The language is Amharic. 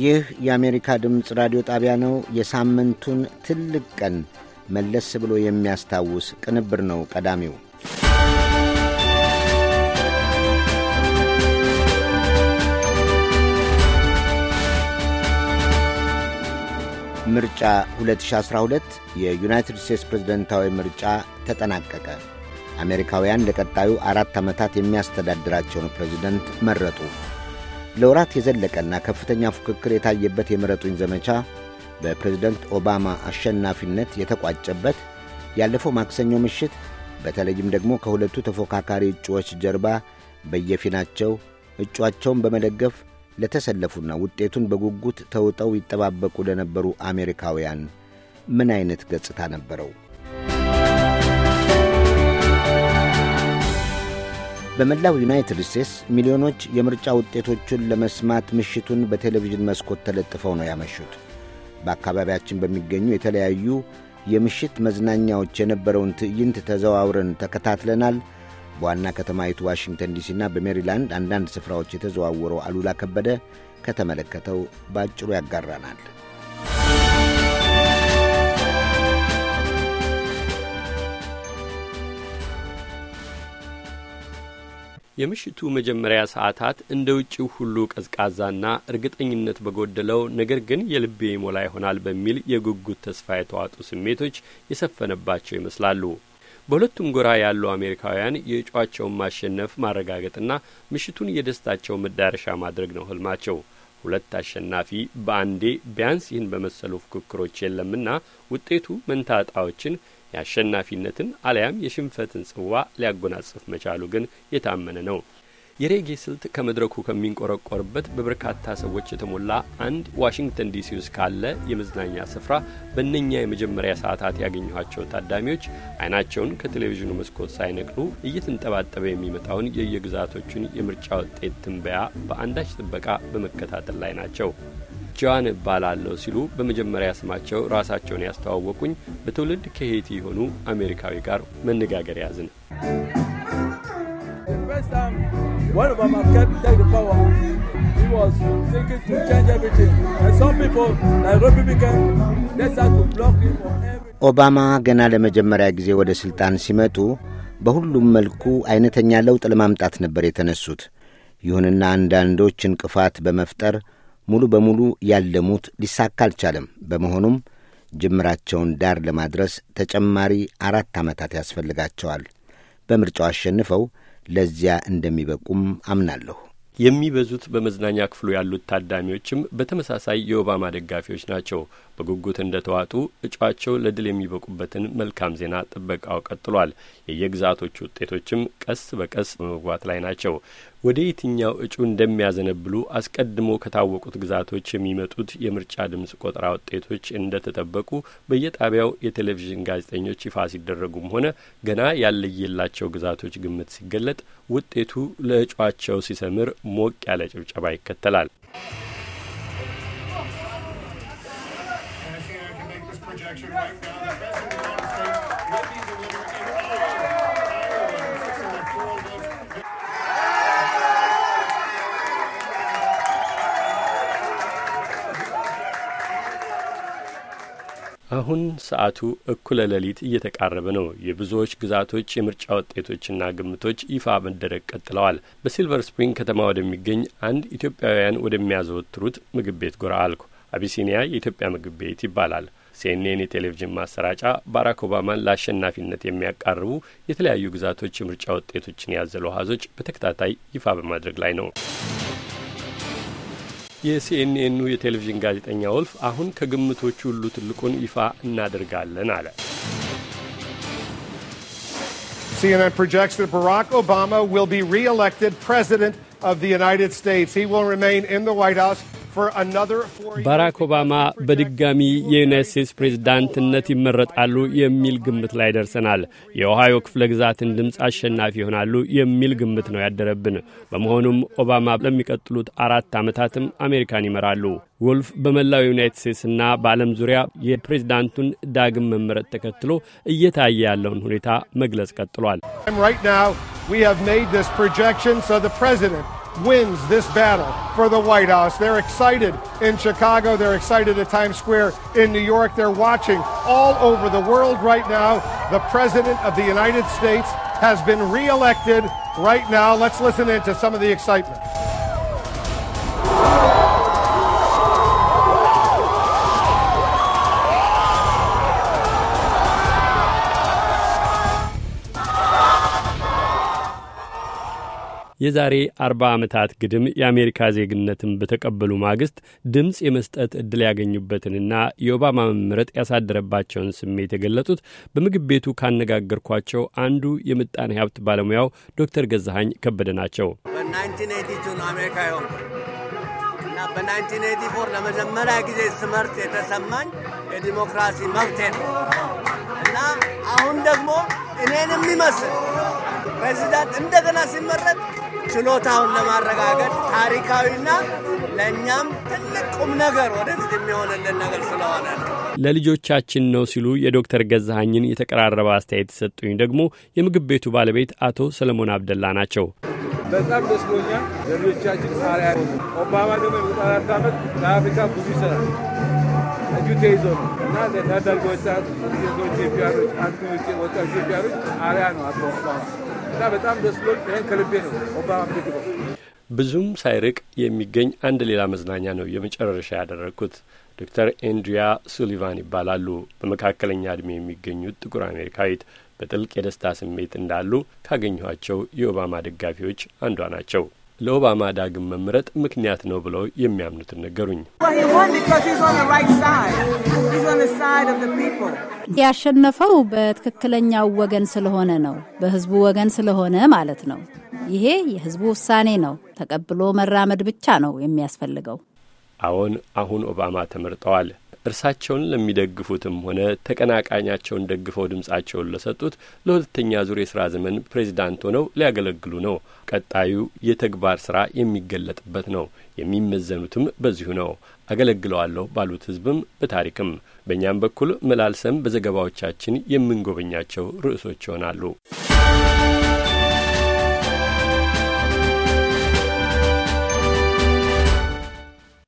ይህ የአሜሪካ ድምፅ ራዲዮ ጣቢያ ነው። የሳምንቱን ትልቅ ቀን መለስ ብሎ የሚያስታውስ ቅንብር ነው ቀዳሚው። ምርጫ 2012 የዩናይትድ ስቴትስ ፕሬዝደንታዊ ምርጫ ተጠናቀቀ። አሜሪካውያን ለቀጣዩ አራት ዓመታት የሚያስተዳድራቸውን ፕሬዝደንት መረጡ። ለወራት የዘለቀና ከፍተኛ ፉክክር የታየበት የምረጡኝ ዘመቻ በፕሬዝደንት ኦባማ አሸናፊነት የተቋጨበት ያለፈው ማክሰኞ ምሽት በተለይም ደግሞ ከሁለቱ ተፎካካሪ እጩዎች ጀርባ በየፊናቸው እጩአቸውን በመደገፍ ለተሰለፉና ውጤቱን በጉጉት ተውጠው ይጠባበቁ ለነበሩ አሜሪካውያን ምን አይነት ገጽታ ነበረው? በመላው ዩናይትድ ስቴትስ ሚሊዮኖች የምርጫ ውጤቶቹን ለመስማት ምሽቱን በቴሌቪዥን መስኮት ተለጥፈው ነው ያመሹት። በአካባቢያችን በሚገኙ የተለያዩ የምሽት መዝናኛዎች የነበረውን ትዕይንት ተዘዋውረን ተከታትለናል። በዋና ከተማይቱ ዋሽንግተን ዲሲና በሜሪላንድ አንዳንድ ስፍራዎች የተዘዋወረው አሉላ ከበደ ከተመለከተው በአጭሩ ያጋራናል። የምሽቱ መጀመሪያ ሰዓታት እንደ ውጭው ሁሉ ቀዝቃዛና እርግጠኝነት በጎደለው ነገር ግን የልቤ ሞላ ይሆናል በሚል የጉጉት ተስፋ የተዋጡ ስሜቶች የሰፈነባቸው ይመስላሉ። በሁለቱም ጎራ ያሉ አሜሪካውያን የእጩዋቸውን ማሸነፍ ማረጋገጥና ምሽቱን የደስታቸው መዳረሻ ማድረግ ነው ህልማቸው። ሁለት አሸናፊ በአንዴ ቢያንስ ይህን በመሰሉ ፉክክሮች የለምና ውጤቱ መንታጣዎችን የአሸናፊነትን አለያም የሽንፈትን ጽዋ ሊያጎናጽፍ መቻሉ ግን የታመነ ነው። የሬጌ ስልት ከመድረኩ ከሚንቆረቆርበት በበርካታ ሰዎች የተሞላ አንድ ዋሽንግተን ዲሲ ውስጥ ካለ የመዝናኛ ስፍራ በእነኛ የመጀመሪያ ሰዓታት ያገኘኋቸው ታዳሚዎች አይናቸውን ከቴሌቪዥኑ መስኮት ሳይነቅሉ እየተንጠባጠበ የሚመጣውን የየግዛቶቹን የምርጫ ውጤት ትንበያ በአንዳች ጥበቃ በመከታተል ላይ ናቸው። ጃን እባላለሁ ሲሉ በመጀመሪያ ስማቸው ራሳቸውን ያስተዋወቁኝ በትውልድ ከሄቲ የሆኑ አሜሪካዊ ጋር መነጋገር ያዝን። ኦባማ ገና ለመጀመሪያ ጊዜ ወደ ሥልጣን ሲመጡ በሁሉም መልኩ አይነተኛ ለውጥ ለማምጣት ነበር የተነሱት። ይሁንና አንዳንዶች እንቅፋት በመፍጠር ሙሉ በሙሉ ያለሙት ሊሳካ አልቻለም። በመሆኑም ጅምራቸውን ዳር ለማድረስ ተጨማሪ አራት ዓመታት ያስፈልጋቸዋል። በምርጫው አሸንፈው ለዚያ እንደሚበቁም አምናለሁ። የሚበዙት በመዝናኛ ክፍሉ ያሉት ታዳሚዎችም በተመሳሳይ የኦባማ ደጋፊዎች ናቸው። በጉጉት እንደ ተዋጡ እጩአቸው ለድል የሚበቁበትን መልካም ዜና ጥበቃው ቀጥሏል። የየግዛቶቹ ውጤቶችም ቀስ በቀስ በመግባት ላይ ናቸው። ወደ የትኛው እጩ እንደሚያዘነብሉ አስቀድሞ ከታወቁት ግዛቶች የሚመጡት የምርጫ ድምጽ ቆጠራ ውጤቶች እንደተጠበቁ በየጣቢያው የቴሌቪዥን ጋዜጠኞች ይፋ ሲደረጉም ሆነ ገና ያለየላቸው ግዛቶች ግምት ሲገለጥ ውጤቱ ለእጩአቸው ሲሰምር ሞቅ ያለ ጭብጨባ ይከተላል። አሁን ሰዓቱ እኩለ ሌሊት እየተቃረበ ነው። የብዙዎች ግዛቶች የምርጫ ውጤቶችና ግምቶች ይፋ መደረግ ቀጥለዋል። በሲልቨር ስፕሪንግ ከተማ ወደሚገኝ አንድ ኢትዮጵያውያን ወደሚያዘወትሩት ምግብ ቤት ጎራ አልኩ። አቢሲኒያ የኢትዮጵያ ምግብ ቤት ይባላል። ሲኤንኤን የቴሌቪዥን ማሰራጫ ባራክ ኦባማን ለአሸናፊነት የሚያቃርቡ የተለያዩ ግዛቶች የምርጫ ውጤቶችን ያዘሉ አሃዞች በተከታታይ ይፋ በማድረግ ላይ ነው። የሲኤንኤኑ የቴሌቪዥን ጋዜጠኛ ወልፍ አሁን ከግምቶቹ ሁሉ ትልቁን ይፋ እናደርጋለን አለ። CNN projects that Barack Obama will be re-elected president of the United States. He will remain in the White House. ባራክ ኦባማ በድጋሚ የዩናይት ስቴትስ ፕሬዝዳንትነት ይመረጣሉ የሚል ግምት ላይ ደርሰናል። የኦሃዮ ክፍለ ግዛትን ድምፅ አሸናፊ ይሆናሉ የሚል ግምት ነው ያደረብን። በመሆኑም ኦባማ ለሚቀጥሉት አራት ዓመታትም አሜሪካን ይመራሉ። ወልፍ በመላው ዩናይት ስቴትስና በዓለም ዙሪያ የፕሬዝዳንቱን ዳግም መመረጥ ተከትሎ እየታየ ያለውን ሁኔታ መግለጽ ቀጥሏል። wins this battle for the White House. They're excited in Chicago. They're excited at Times Square in New York. They're watching all over the world right now. The President of the United States has been reelected right now. Let's listen in to some of the excitement. የዛሬ አርባ ዓመታት ግድም የአሜሪካ ዜግነትን በተቀበሉ ማግስት ድምፅ የመስጠት ዕድል ያገኙበትንና የኦባማ መምረጥ ያሳደረባቸውን ስሜት የገለጡት በምግብ ቤቱ ካነጋገርኳቸው አንዱ የምጣኔ ሀብት ባለሙያው ዶክተር ገዛሀኝ ከበደ ናቸው። በ1982 1984 ለመጀመሪያ ጊዜ ትምህርት የተሰማኝ የዲሞክራሲ መብቴ ነው እና አሁን ደግሞ እኔን የሚመስል ፕሬዚዳንት እንደገና ሲመረጥ ችሎታውን ለማረጋገጥ ታሪካዊና ለእኛም ትልቅ ቁም ነገር ወደፊት የሚሆንልን ነገር ስለሆነ ለልጆቻችን ነው ሲሉ የዶክተር ገዛሀኝን የተቀራረበ አስተያየት የሰጡኝ ደግሞ የምግብ ቤቱ ባለቤት አቶ ሰለሞን አብደላ ናቸው። በጣም ደስ ብሎኛል። ለልጆቻችን አርአያ ኦባማ ደግሞ የመጣ አራት ዓመት ለአፍሪካ ብዙ ይሰራል እጁ ተይዞ ነው እና ለታዳጊ ወጣት ኢትዮጵያኖች አንዱ ወጣት ኢትዮጵያኖች አርአያ ነው አቶ ኦባማ እና በጣም ደስ ይህን ከልቤ ነው ብዙም ሳይርቅ የሚገኝ አንድ ሌላ መዝናኛ ነው የመጨረሻ ያደረግኩት። ዶክተር ኤንድሪያ ሱሊቫን ይባላሉ። በመካከለኛ ዕድሜ የሚገኙት ጥቁር አሜሪካዊት በጥልቅ የደስታ ስሜት እንዳሉ ካገኘኋቸው የኦባማ ደጋፊዎች አንዷ ናቸው። ለኦባማ ዳግም መምረጥ ምክንያት ነው ብለው የሚያምኑትን ነገሩኝ። ያሸነፈው በትክክለኛው ወገን ስለሆነ ነው። በህዝቡ ወገን ስለሆነ ማለት ነው። ይሄ የህዝቡ ውሳኔ ነው። ተቀብሎ መራመድ ብቻ ነው የሚያስፈልገው። አዎን፣ አሁን ኦባማ ተመርጠዋል። እርሳቸውን ለሚደግፉትም ሆነ ተቀናቃኛቸውን ደግፈው ድምጻቸውን ለሰጡት ለሁለተኛ ዙር የስራ ዘመን ፕሬዚዳንት ሆነው ሊያገለግሉ ነው። ቀጣዩ የተግባር ስራ የሚገለጥበት ነው። የሚመዘኑትም በዚሁ ነው። አገለግለዋለሁ ባሉት ህዝብም በታሪክም በእኛም በኩል መላልሰም በዘገባዎቻችን የምንጎበኛቸው ርዕሶች ይሆናሉ።